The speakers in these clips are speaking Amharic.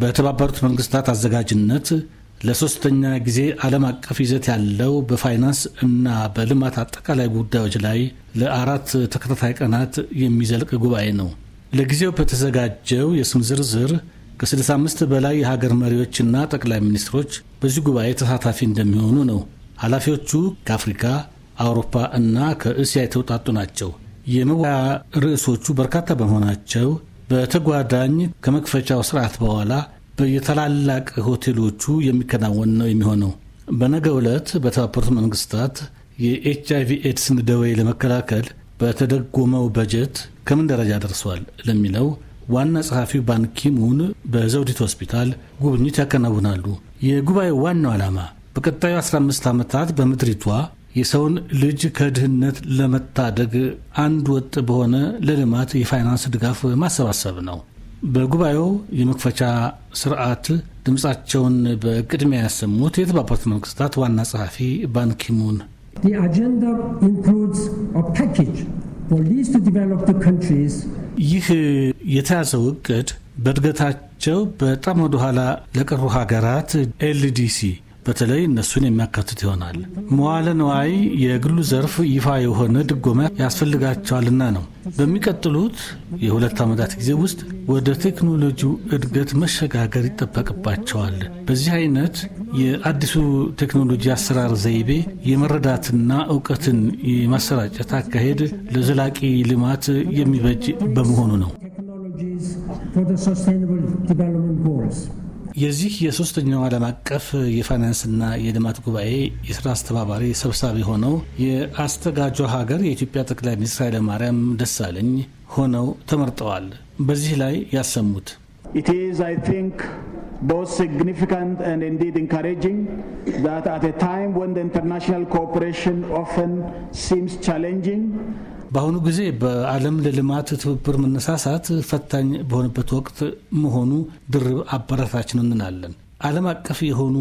በተባበሩት መንግስታት አዘጋጅነት ለሶስተኛ ጊዜ ዓለም አቀፍ ይዘት ያለው በፋይናንስ እና በልማት አጠቃላይ ጉዳዮች ላይ ለአራት ተከታታይ ቀናት የሚዘልቅ ጉባኤ ነው። ለጊዜው በተዘጋጀው የስም ዝርዝር ከ65 በላይ የሀገር መሪዎችና ጠቅላይ ሚኒስትሮች በዚህ ጉባኤ ተሳታፊ እንደሚሆኑ ነው። ኃላፊዎቹ ከአፍሪካ፣ አውሮፓ እና ከእስያ የተውጣጡ ናቸው። የመወያያ ርዕሶቹ በርካታ በመሆናቸው በተጓዳኝ ከመክፈቻው ስርዓት በኋላ በየታላላቅ ሆቴሎቹ የሚከናወን ነው የሚሆነው። በነገ ዕለት በተባበሩት መንግስታት የኤች ኤድስን ደዌ ለመከላከል በተደጎመው በጀት ከምን ደረጃ ደርሷል ለሚለው ዋና ጸሐፊው ባንኪሙን በዘውዲት ሆስፒታል ጉብኝት ያከናውናሉ። የጉባኤው ዋናው ዓላማ በቀጣዩ 15 ዓመታት በምድሪቷ የሰውን ልጅ ከድህነት ለመታደግ አንድ ወጥ በሆነ ለልማት የፋይናንስ ድጋፍ ማሰባሰብ ነው። በጉባኤው የመክፈቻ ስርዓት ድምፃቸውን በቅድሚያ ያሰሙት የተባበሩት መንግስታት ዋና ጸሐፊ ባንኪሙን ይህ የተያዘው እቅድ በእድገታቸው በጣም ወደኋላ ለቀሩ ሀገራት ኤልዲሲ በተለይ እነሱን የሚያካትት ይሆናል። መዋለ ንዋይ የግሉ ዘርፍ ይፋ የሆነ ድጎማ ያስፈልጋቸዋልና ነው። በሚቀጥሉት የሁለት ዓመታት ጊዜ ውስጥ ወደ ቴክኖሎጂው እድገት መሸጋገር ይጠበቅባቸዋል። በዚህ አይነት የአዲሱ ቴክኖሎጂ አሰራር ዘይቤ የመረዳትና እውቀትን የማሰራጨት አካሄድ ለዘላቂ ልማት የሚበጅ በመሆኑ ነው። የዚህ የሶስተኛው ዓለም አቀፍ የፋይናንስና የልማት ጉባኤ የስራ አስተባባሪ ሰብሳቢ ሆነው የአስተጋጇ ሀገር የኢትዮጵያ ጠቅላይ ሚኒስትር ኃይለማርያም ደሳለኝ ሆነው ተመርጠዋል። በዚህ ላይ ያሰሙት ኢት ኢዝ አይ ቲንክ ኢንዲድ ኢንካሬጂንግ ዛት አት ታይም ወን ኦፍን ሲምስ ቻሌንጂንግ በአሁኑ ጊዜ በዓለም ለልማት ትብብር መነሳሳት ፈታኝ በሆነበት ወቅት መሆኑ ድርብ አበረታችን እንላለን። ዓለም አቀፍ የሆኑ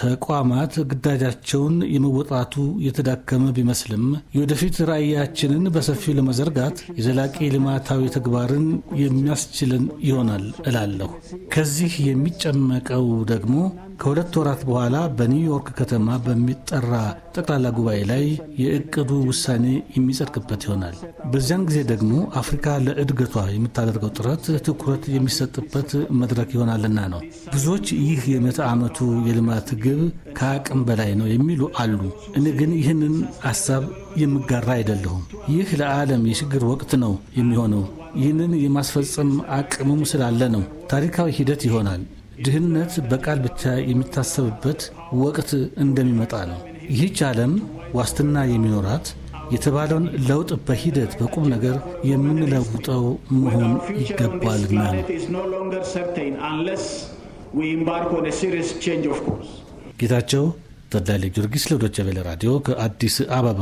ተቋማት ግዳጃቸውን የመወጣቱ የተዳከመ ቢመስልም የወደፊት ራዕያችንን በሰፊው ለመዘርጋት የዘላቂ ልማታዊ ተግባርን የሚያስችልን ይሆናል እላለሁ። ከዚህ የሚጨመቀው ደግሞ ከሁለት ወራት በኋላ በኒውዮርክ ከተማ በሚጠራ ጠቅላላ ጉባኤ ላይ የእቅዱ ውሳኔ የሚጸድቅበት ይሆናል። በዚያን ጊዜ ደግሞ አፍሪካ ለእድገቷ የምታደርገው ጥረት ትኩረት የሚሰጥበት መድረክ ይሆናልና ነው። ብዙዎች ይህ የምዕተ ዓመቱ የልማት ግብ ከአቅም በላይ ነው የሚሉ አሉ። እኔ ግን ይህንን ሀሳብ የምጋራ አይደለሁም። ይህ ለዓለም የችግር ወቅት ነው የሚሆነው። ይህንን የማስፈጸም አቅምም ስላለ ነው። ታሪካዊ ሂደት ይሆናል። ድህነት በቃል ብቻ የሚታሰብበት ወቅት እንደሚመጣ ነው። ይህች ዓለም ዋስትና የሚኖራት የተባለውን ለውጥ በሂደት በቁም ነገር የምንለውጠው መሆን ይገባልና ነው። ጌታቸው ተድላ ጊዮርጊስ ለዶቸቬለ ራዲዮ ከአዲስ አበባ